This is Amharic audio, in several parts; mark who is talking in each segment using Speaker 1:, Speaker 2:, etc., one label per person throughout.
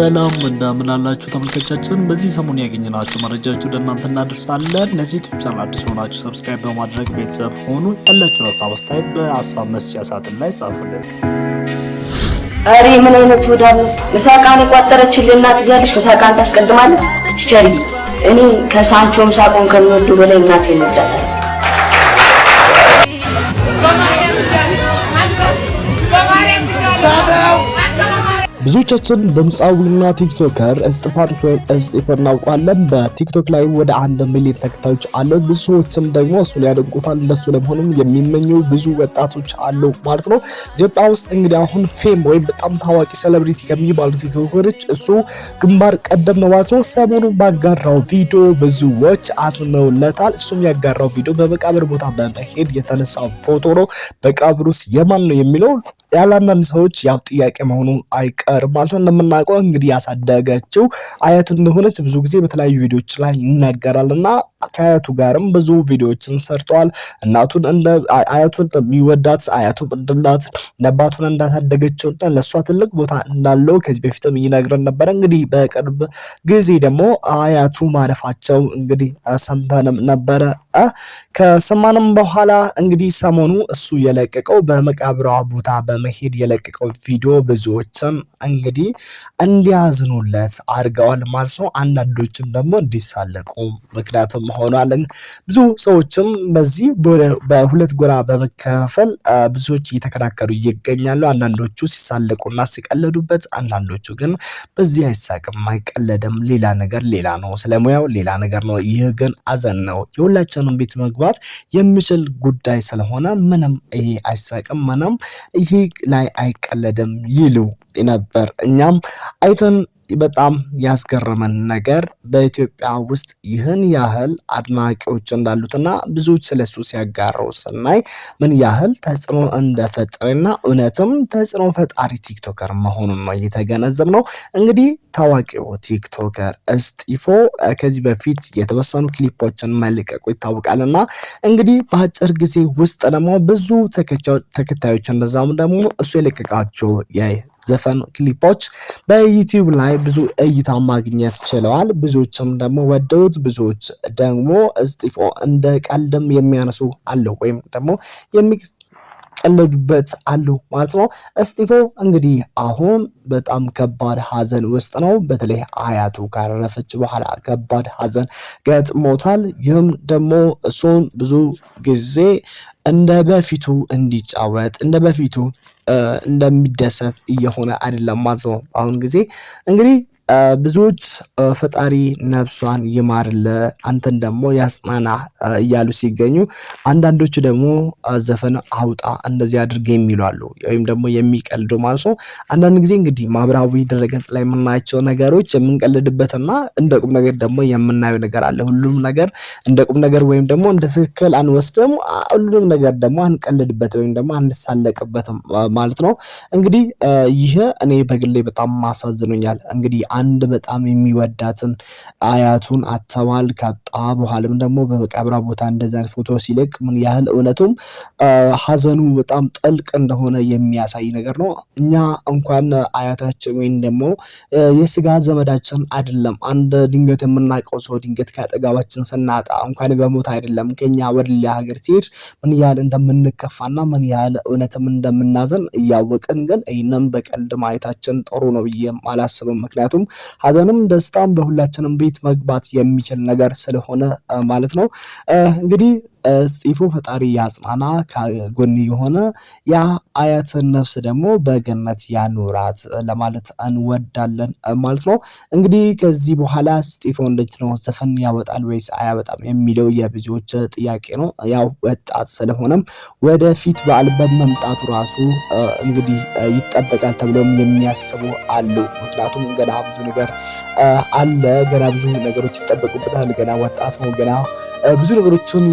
Speaker 1: ሰላም እንደምን አላችሁ ተመልካቾቻችን። በዚህ ሰሞን ያገኘናችሁ መረጃዎች ወደ እናንተ እናደርሳለን። ለዚህ ዩቲዩብ ቻናል አዲስ ሆናችሁ ሰብስክራይብ በማድረግ ቤተሰብ ሆኑ። ያላችሁ ሀሳብ አስተያየት በሀሳብ መስጫ ሳጥን ላይ ጻፉልን።
Speaker 2: አሪ ምን አይነት ወዳለ ምሳቃን የቋጠረችልን እናት እያለች ምሳቃን ታስቀድማለች። ትቸሪ እኔ ከሳንቾ ምሳቆን ከሚወዱ በላይ እናቴ እንወዳታለን።
Speaker 1: ብዙዎቻችን ድምፃዊና ቲክቶከር እስጢፋኖስ ወይም እስጢፍን እናውቋለን። በቲክቶክ ላይ ወደ አንድ ሚሊዮን ተከታዮች አሉት። ብዙ ሰዎችም ደግሞ እሱን ያደንቁታል። እንደሱ ለመሆኑም የሚመኙ ብዙ ወጣቶች አሉ ማለት ነው። ኢትዮጵያ ውስጥ እንግዲህ አሁን ፌም ወይም በጣም ታዋቂ ሴሌብሪቲ ከሚባሉ ቲክቶከሮች እሱ ግንባር ቀደም ነው ማለት ነው። ሰሞኑን ባጋራው ቪዲዮ ብዙዎች አዝነውለታል። እሱም ያጋራው ቪዲዮ በመቃብር ቦታ በመሄድ የተነሳ ፎቶ ነው። በቃብር ውስጥ የማን ነው የሚለው ያላንዳንድ ሰዎች ያው ጥያቄ መሆኑ አይቀርም ማለት ነው። እንደምናውቀው እንግዲህ ያሳደገችው አያት እንደሆነች ብዙ ጊዜ በተለያዩ ቪዲዮዎች ላይ ይነገራል እና ከአያቱ ጋርም ብዙ ቪዲዮዎችን ሰርተዋል። እናቱን እንደ አያቱን የሚወዳት አያቱ እንድላት ነባቱን እንዳሳደገችው እና ለእሷ ትልቅ ቦታ እንዳለው ከዚህ በፊትም ይነግረን ነበረ። እንግዲህ በቅርብ ጊዜ ደግሞ አያቱ ማረፋቸው እንግዲህ ሰምተንም ነበረ። ከሰማንም በኋላ እንግዲህ ሰሞኑ እሱ የለቀቀው በመቃብሯ ቦታ በ በመሄድ የለቀቀው ቪዲዮ ብዙዎችም እንግዲህ እንዲያዝኑለት አድርገዋል ማለት ነው። አንዳንዶችም ደግሞ እንዲሳለቁ ምክንያቱም ሆኗል። ብዙ ሰዎችም በዚህ በሁለት ጎራ በመከፈል ብዙዎች እየተከራከሩ ይገኛሉ። አንዳንዶቹ ሲሳለቁና ሲቀለዱበት፣ አንዳንዶቹ ግን በዚህ አይሳቅም አይቀለድም፣ ሌላ ነገር ሌላ ነው፣ ስለሙያው ሌላ ነገር ነው። ይህ ግን አዘን ነው። የሁላችንም ቤት መግባት የሚችል ጉዳይ ስለሆነ ምንም ይሄ አይሳቅም፣ ምንም ይሄ ላይ አይቀለድም ይሉ ነበር። እኛም አይተን በጣም ያስገረመን ነገር በኢትዮጵያ ውስጥ ይህን ያህል አድናቂዎች እንዳሉትና ብዙዎች ስለሱ ሲያጋረው ስናይ ምን ያህል ተጽዕኖ እንደፈጠረና እውነትም ተጽዕኖ ፈጣሪ ቲክቶከር መሆኑን ነው ነው። እንግዲህ ታዋቂው ቲክቶከር እስጢፎ ከዚህ በፊት የተወሰኑ ክሊፖችን መልቀቁ ይታወቃልና እንግዲህ በአጭር ጊዜ ውስጥ ደግሞ ብዙ ተከታዮች እንደዛም ደግሞ እሱ የለቀቃቸው ዘፈን ክሊፖች በዩቲዩብ ላይ ብዙ እይታ ማግኘት ችለዋል። ብዙዎችም ደግሞ ወደውት፣ ብዙዎች ደግሞ እስጢፎ እንደ ቀልድም የሚያነሱ አለው ወይም ደግሞ የሚቀለዱበት አሉ ማለት ነው። እስጢፎ እንግዲህ አሁን በጣም ከባድ ሀዘን ውስጥ ነው። በተለይ አያቱ ካረፈች በኋላ ከባድ ሀዘን ገጥሞታል። ይህም ደግሞ እሱን ብዙ ጊዜ እንደ በፊቱ እንዲጫወት እንደ በፊቱ እንደሚደሰት እየሆነ አይደለም ማለት ነው። አሁን ጊዜ እንግዲህ ብዙዎች ፈጣሪ ነፍሷን ይማርለ አንተን ደግሞ ያጽናና እያሉ ሲገኙ፣ አንዳንዶቹ ደግሞ ዘፈን አውጣ እንደዚህ አድርገ የሚሉ ወይም ደግሞ የሚቀልዱ ማለት ነው። አንዳንድ ጊዜ እንግዲህ ማህበራዊ ድረገጽ ላይ የምናያቸው ነገሮች የምንቀልድበትና እንደ ቁም ነገር ደግሞ የምናየው ነገር አለ። ሁሉም ነገር እንደ ቁም ነገር ወይም ደግሞ እንደ ትክክል አንወስድም፣ ሁሉም ነገር ደግሞ አንቀልድበት ወይም ደግሞ አንሳለቅበትም ማለት ነው። እንግዲህ ይህ እኔ በግሌ በጣም ማሳዝኖኛል እንግዲህ አንድ በጣም የሚወዳትን አያቱን አተባል ካጣ በኋላም ደግሞ በመቃብራ ቦታ እንደዚህ አይነት ፎቶ ሲለቅ ምን ያህል እውነቱም ሀዘኑ በጣም ጥልቅ እንደሆነ የሚያሳይ ነገር ነው። እኛ እንኳን አያታችን ወይም ደግሞ የስጋ ዘመዳችን አይደለም አንድ ድንገት የምናውቀው ሰው ድንገት ከአጠገባችን ስናጣ እንኳን በሞት አይደለም ከኛ ወደ ሌላ ሀገር ሲሄድ ምን ያህል እንደምንከፋና ምን ያህል እውነትም እንደምናዘን እያወቅን ግን ይህንም በቀልድ ማየታችን ጥሩ ነው ብዬም አላስብም። ምክንያቱም ሀዘንም ደስታም በሁላችንም ቤት መግባት የሚችል ነገር ስለሆነ ማለት ነው እንግዲህ ጽፎ ፈጣሪ ያጽናና ከጎን የሆነ ያ አያትን ነፍስ ደግሞ በገነት ያኑራት ለማለት እንወዳለን ማለት ነው። እንግዲህ ከዚህ በኋላ ስጢፎን ልጅ ነው ዘፈን ያወጣል ወይስ አያወጣም የሚለው የብዙዎች ጥያቄ ነው። ያው ወጣት ስለሆነም ወደፊት በዓል በመምጣቱ ራሱ እንግዲህ ይጠበቃል ተብለውም የሚያስቡ አሉ። ምክንያቱም ገና ብዙ ነገር አለ፣ ገና ብዙ ነገሮች ይጠበቁበታል። ገና ወጣት ነው። ገና ብዙ ነገሮችን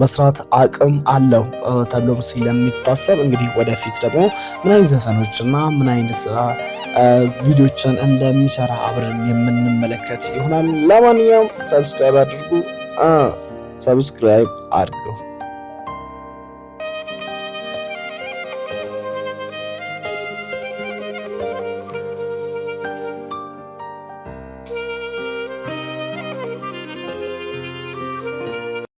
Speaker 1: መስራት አቅም አለው ተብሎም ስለሚታሰብ እንግዲህ ወደፊት ደግሞ ምን አይነት ዘፈኖች እና ምን አይነት ቪዲዮችን እንደሚሰራ አብረን የምንመለከት ይሆናል። ለማንኛውም ሰብስክራይብ አድርጉ፣ ሰብስክራይብ አድርገው።